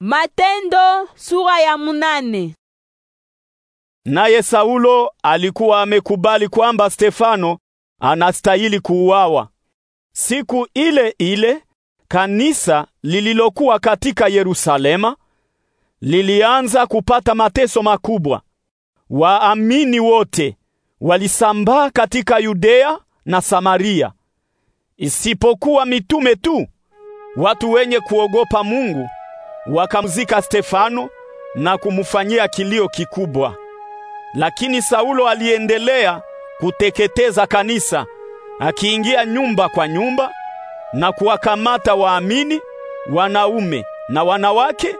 Matendo sura ya munane. Naye Saulo alikuwa amekubali kwamba Stefano anastahili kuuawa. Siku ile ile kanisa lililokuwa katika Yerusalema lilianza kupata mateso makubwa. Waamini wote walisambaa katika Yudea na Samaria, isipokuwa mitume tu. Watu wenye kuogopa Mungu Wakamzika Stefano na kumfanyia kilio kikubwa. Lakini Saulo aliendelea kuteketeza kanisa, akiingia nyumba kwa nyumba na kuwakamata waamini wanaume na wanawake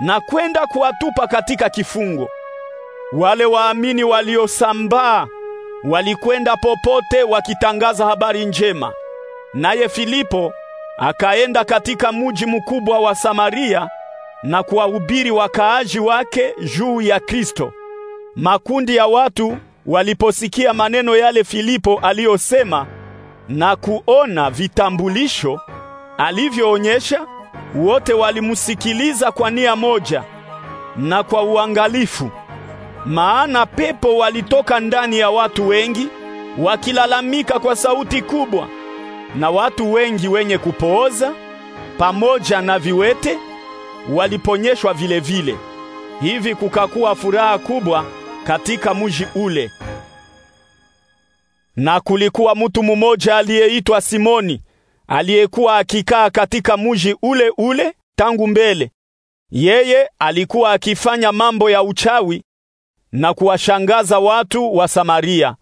na kwenda kuwatupa katika kifungo. Wale waamini waliosambaa walikwenda popote wakitangaza habari njema. Naye Filipo akaenda katika muji mkubwa wa Samaria na kuwahubiri wakaaji wake juu ya Kristo. Makundi ya watu waliposikia maneno yale Filipo aliyosema na kuona vitambulisho alivyoonyesha, wote walimsikiliza kwa nia moja na kwa uangalifu, maana pepo walitoka ndani ya watu wengi wakilalamika kwa sauti kubwa, na watu wengi wenye kupooza pamoja na viwete waliponyeshwa vilevile. Hivi kukakuwa furaha kubwa katika mji ule. Na kulikuwa mtu mmoja aliyeitwa Simoni aliyekuwa akikaa katika mji ule ule tangu mbele. Yeye alikuwa akifanya mambo ya uchawi na kuwashangaza watu wa Samaria.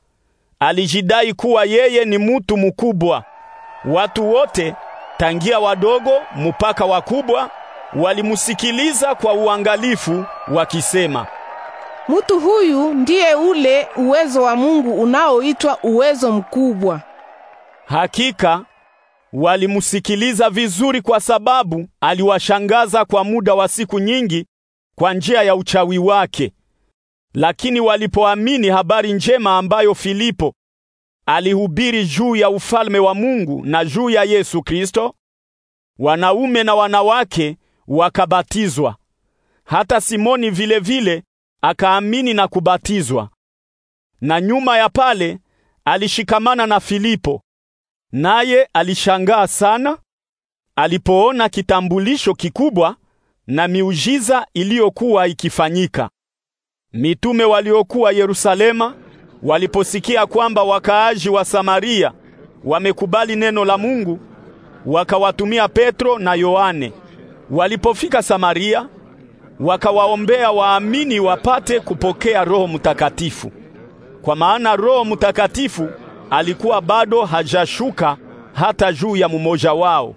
Alijidai kuwa yeye ni mtu mkubwa. Watu wote tangia wadogo mpaka wakubwa walimusikiliza kwa uangalifu wakisema, Mtu huyu ndiye ule uwezo wa Mungu unaoitwa uwezo mkubwa. Hakika walimusikiliza vizuri kwa sababu aliwashangaza kwa muda wa siku nyingi kwa njia ya uchawi wake. Lakini walipoamini habari njema ambayo Filipo alihubiri juu ya ufalme wa Mungu na juu ya Yesu Kristo, wanaume na wanawake wakabatizwa. Hata Simoni vilevile vile, akaamini na kubatizwa. Na nyuma ya pale alishikamana na Filipo. Naye alishangaa sana alipoona kitambulisho kikubwa na miujiza iliyokuwa ikifanyika. Mitume waliokuwa Yerusalema waliposikia kwamba wakaaji wa Samaria wamekubali neno la Mungu, wakawatumia Petro na Yohane Walipofika Samaria, wakawaombea waamini wapate kupokea Roho Mtakatifu, kwa maana Roho Mtakatifu alikuwa bado hajashuka hata juu ya mmoja wao.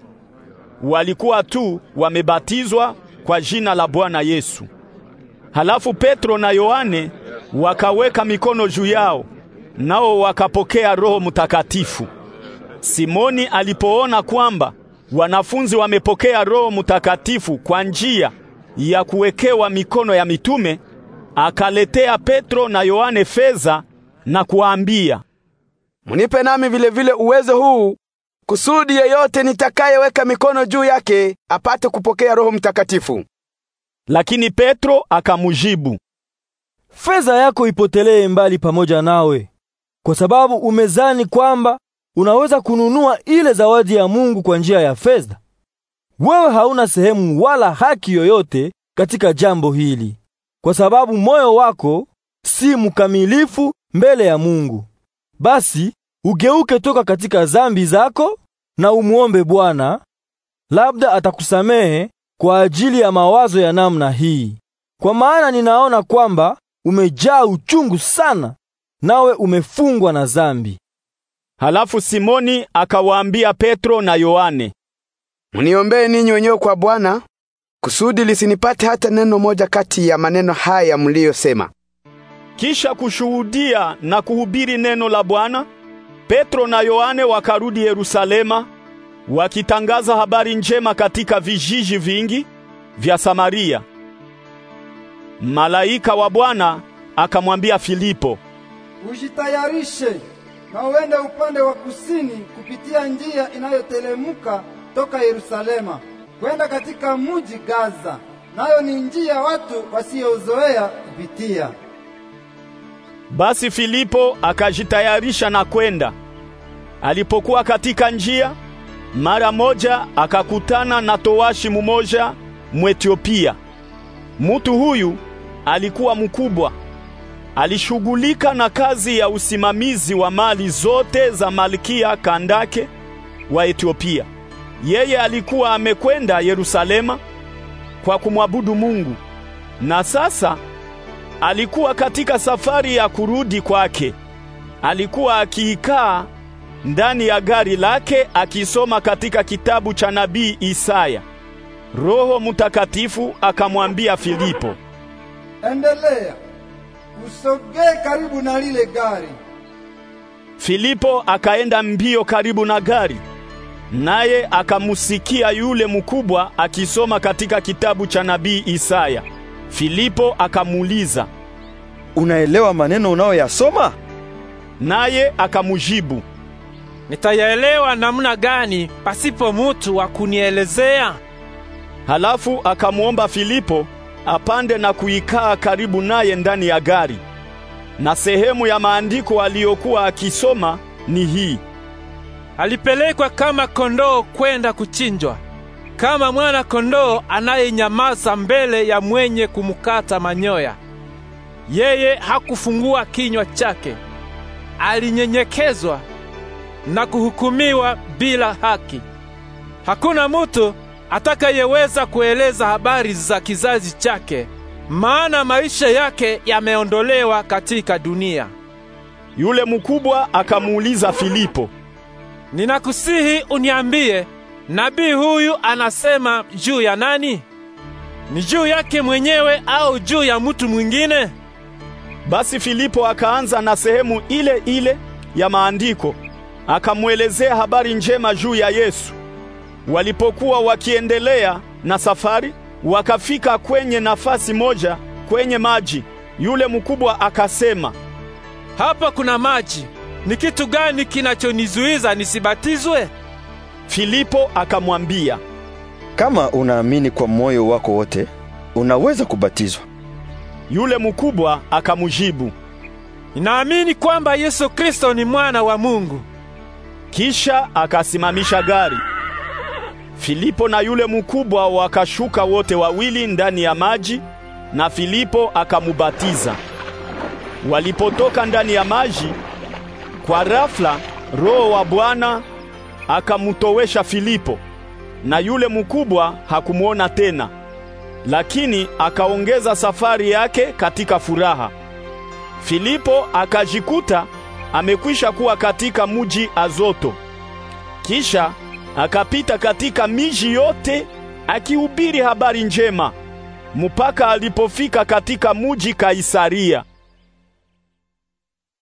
Walikuwa tu wamebatizwa kwa jina la Bwana Yesu. Halafu Petro na Yohane wakaweka mikono juu yao, nao wakapokea Roho Mtakatifu. Simoni alipoona kwamba Wanafunzi wamepokea Roho Mtakatifu kwa njia ya kuwekewa mikono ya mitume. Akaletea Petro na Yohane fedha na kuambia Mnipe nami vile vile uwezo huu kusudi yeyote nitakayeweka mikono juu yake apate kupokea Roho Mtakatifu. Lakini Petro akamjibu, Fedha yako ipotelee mbali pamoja nawe, kwa sababu umezani kwamba unaweza kununua ile zawadi ya Mungu kwa njia ya fedha? Wewe hauna sehemu wala haki yoyote katika jambo hili, kwa sababu moyo wako si mkamilifu mbele ya Mungu. Basi ugeuke toka katika dhambi zako na umuombe Bwana, labda atakusamehe kwa ajili ya mawazo ya namna hii, kwa maana ninaona kwamba umejaa uchungu sana, nawe umefungwa na dhambi. Halafu Simoni akawaambia Petro na Yohane, mniombee ninyi wenyewe kwa Bwana kusudi lisinipate hata neno moja kati ya maneno haya mliyosema. Kisha kushuhudia na kuhubiri neno la Bwana, Petro na Yohane wakarudi Yerusalema wakitangaza habari njema katika vijiji vingi vya Samaria. Malaika wa Bwana akamwambia Filipo, "Ujitayarishe na uende upande wa kusini kupitia njia inayotelemuka toka Yerusalema kwenda katika muji Gaza, nayo ni njia watu wasiozoea kupitia. Basi Filipo akajitayarisha na kwenda. Alipokuwa katika njia, mara moja akakutana na towashi mumoja Mwethiopia. Mutu huyu alikuwa mkubwa alishughulika na kazi ya usimamizi wa mali zote za Malkia Kandake wa Ethiopia. Yeye alikuwa amekwenda Yerusalema kwa kumwabudu Mungu. Na sasa alikuwa katika safari ya kurudi kwake. Alikuwa akiikaa ndani ya gari lake akisoma katika kitabu cha nabii Isaya. Roho Mtakatifu akamwambia Filipo, "Endelea." usogee karibu na lile gari. Filipo akaenda mbio karibu na gari, naye akamusikia yule mkubwa akisoma katika kitabu cha nabii Isaya. Filipo akamuuliza, unaelewa maneno unayoyasoma? Naye akamujibu, nitayaelewa namna gani pasipo mutu wa kunielezea? Halafu akamwomba Filipo apande na kuikaa karibu naye ndani ya gari. Na sehemu ya maandiko aliyokuwa akisoma ni hii: alipelekwa kama kondoo kwenda kuchinjwa, kama mwana kondoo anayenyamaza mbele ya mwenye kumkata manyoya. Yeye hakufungua kinywa chake, alinyenyekezwa na kuhukumiwa bila haki. Hakuna mutu atakayeweza kueleza habari za kizazi chake, maana maisha yake yameondolewa katika dunia. Yule mkubwa akamuuliza Filipo, ninakusihi uniambie nabii huyu anasema juu ya nani? Ni juu yake mwenyewe au juu ya mtu mwingine? Basi Filipo akaanza na sehemu ile ile ya maandiko, akamwelezea habari njema juu ya Yesu. Walipokuwa wakiendelea na safari, wakafika kwenye nafasi moja kwenye maji. Yule mkubwa akasema, hapa kuna maji, ni kitu gani kinachonizuiza nisibatizwe? Filipo akamwambia, kama unaamini kwa moyo wako wote, unaweza kubatizwa. Yule mkubwa akamjibu, ninaamini kwamba Yesu Kristo ni mwana wa Mungu. Kisha akasimamisha gari. Filipo na yule mkubwa wakashuka wote wawili ndani ya maji na Filipo akamubatiza. Walipotoka ndani ya maji, kwa rafla Roho wa Bwana akamutowesha Filipo, na yule mkubwa hakumwona tena, lakini akaongeza safari yake katika furaha. Filipo akajikuta amekwisha kuwa katika muji Azoto. Kisha Akapita katika miji yote akihubiri habari njema mpaka alipofika katika muji Kaisaria.